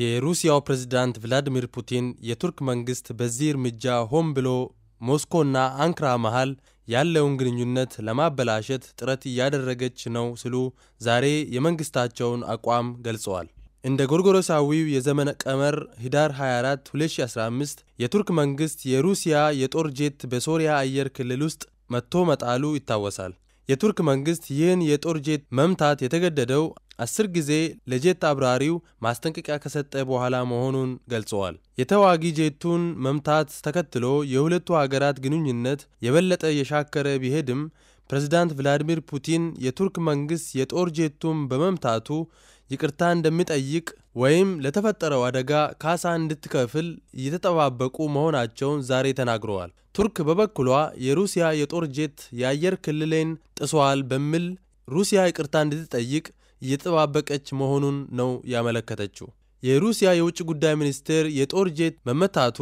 የሩሲያው ፕሬዝዳንት ቭላዲሚር ፑቲን የቱርክ መንግሥት በዚህ እርምጃ ሆን ብሎ ሞስኮና አንክራ መሃል ያለውን ግንኙነት ለማበላሸት ጥረት እያደረገች ነው ሲሉ ዛሬ የመንግሥታቸውን አቋም ገልጸዋል። እንደ ጎርጎሮሳዊው የዘመነ ቀመር ሂዳር 24 2015 የቱርክ መንግሥት የሩሲያ የጦር ጄት በሶሪያ አየር ክልል ውስጥ መጥቶ መጣሉ ይታወሳል። የቱርክ መንግስት ይህን የጦር ጄት መምታት የተገደደው አስር ጊዜ ለጄት አብራሪው ማስጠንቀቂያ ከሰጠ በኋላ መሆኑን ገልጸዋል። የተዋጊ ጄቱን መምታት ተከትሎ የሁለቱ ሀገራት ግንኙነት የበለጠ የሻከረ ቢሄድም ፕሬዚዳንት ቭላዲሚር ፑቲን የቱርክ መንግስት የጦር ጄቱን በመምታቱ ይቅርታ እንደሚጠይቅ ወይም ለተፈጠረው አደጋ ካሳ እንድትከፍል እየተጠባበቁ መሆናቸውን ዛሬ ተናግረዋል። ቱርክ በበኩሏ የሩሲያ የጦር ጄት የአየር ክልሌን ጥሷል በሚል ሩሲያ ይቅርታ እንድትጠይቅ እየተጠባበቀች መሆኑን ነው ያመለከተችው። የሩሲያ የውጭ ጉዳይ ሚኒስቴር የጦር ጄት መመታቱ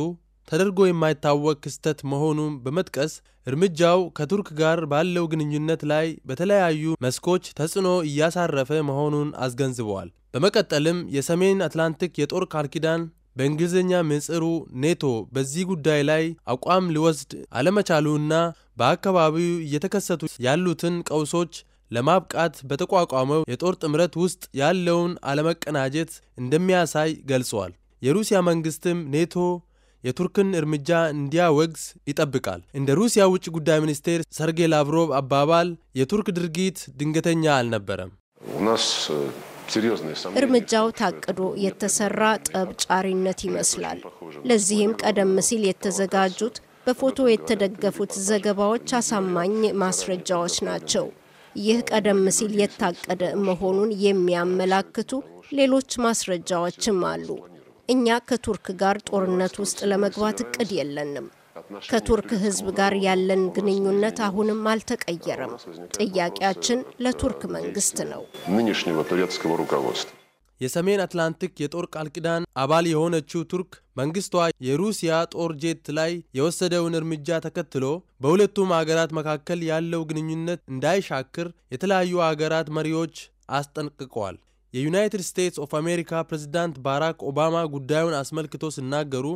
ተደርጎ የማይታወቅ ክስተት መሆኑን በመጥቀስ እርምጃው ከቱርክ ጋር ባለው ግንኙነት ላይ በተለያዩ መስኮች ተጽዕኖ እያሳረፈ መሆኑን አስገንዝበዋል። በመቀጠልም የሰሜን አትላንቲክ የጦር ቃል ኪዳን በእንግሊዝኛ ምጽሩ ኔቶ በዚህ ጉዳይ ላይ አቋም ሊወስድ አለመቻሉና በአካባቢው እየተከሰቱ ያሉትን ቀውሶች ለማብቃት በተቋቋመው የጦር ጥምረት ውስጥ ያለውን አለመቀናጀት እንደሚያሳይ ገልጿል። የሩሲያ መንግስትም ኔቶ የቱርክን እርምጃ እንዲያወግዝ ይጠብቃል። እንደ ሩሲያ ውጭ ጉዳይ ሚኒስቴር ሰርጌይ ላቭሮቭ አባባል የቱርክ ድርጊት ድንገተኛ አልነበረም። እርምጃው ታቅዶ የተሰራ ጠብ ጫሪነት ይመስላል። ለዚህም ቀደም ሲል የተዘጋጁት በፎቶ የተደገፉት ዘገባዎች አሳማኝ ማስረጃዎች ናቸው። ይህ ቀደም ሲል የታቀደ መሆኑን የሚያመላክቱ ሌሎች ማስረጃዎችም አሉ። እኛ ከቱርክ ጋር ጦርነት ውስጥ ለመግባት እቅድ የለንም። ከቱርክ ሕዝብ ጋር ያለን ግንኙነት አሁንም አልተቀየረም። ጥያቄያችን ለቱርክ መንግስት ነው። የሰሜን አትላንቲክ የጦር ቃል ኪዳን አባል የሆነችው ቱርክ መንግስቷ የሩሲያ ጦር ጄት ላይ የወሰደውን እርምጃ ተከትሎ በሁለቱም አገራት መካከል ያለው ግንኙነት እንዳይሻክር የተለያዩ አገራት መሪዎች አስጠንቅቀዋል። የዩናይትድ ስቴትስ ኦፍ አሜሪካ ፕሬዚዳንት ባራክ ኦባማ ጉዳዩን አስመልክቶ ሲናገሩ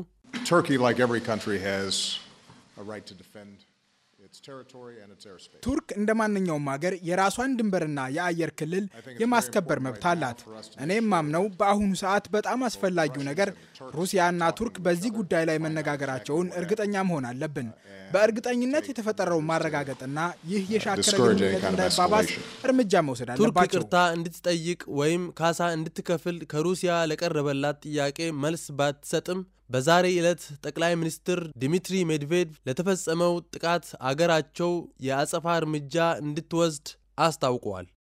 ቱርክ እንደ ማንኛውም ሀገር የራሷን ድንበርና የአየር ክልል የማስከበር መብት አላት። እኔም ማምነው በአሁኑ ሰዓት በጣም አስፈላጊው ነገር ሩሲያና ቱርክ በዚህ ጉዳይ ላይ መነጋገራቸውን እርግጠኛ መሆን አለብን። uh, በእርግጠኝነት የተፈጠረውን ማረጋገጥና ይህ uh, የሻከረ ግንኙነት እንዳይባባስ እርምጃ መውሰድ አለባቸው። ቱርክ ቅርታ እንድትጠይቅ ወይም ካሳ እንድትከፍል ከሩሲያ ለቀረበላት ጥያቄ መልስ ባትሰጥም በዛሬ ዕለት ጠቅላይ ሚኒስትር ዲሚትሪ ሜድቬድ ለተፈጸመው ጥቃት አገራቸው የአጸፋ እርምጃ እንድትወስድ አስታውቀዋል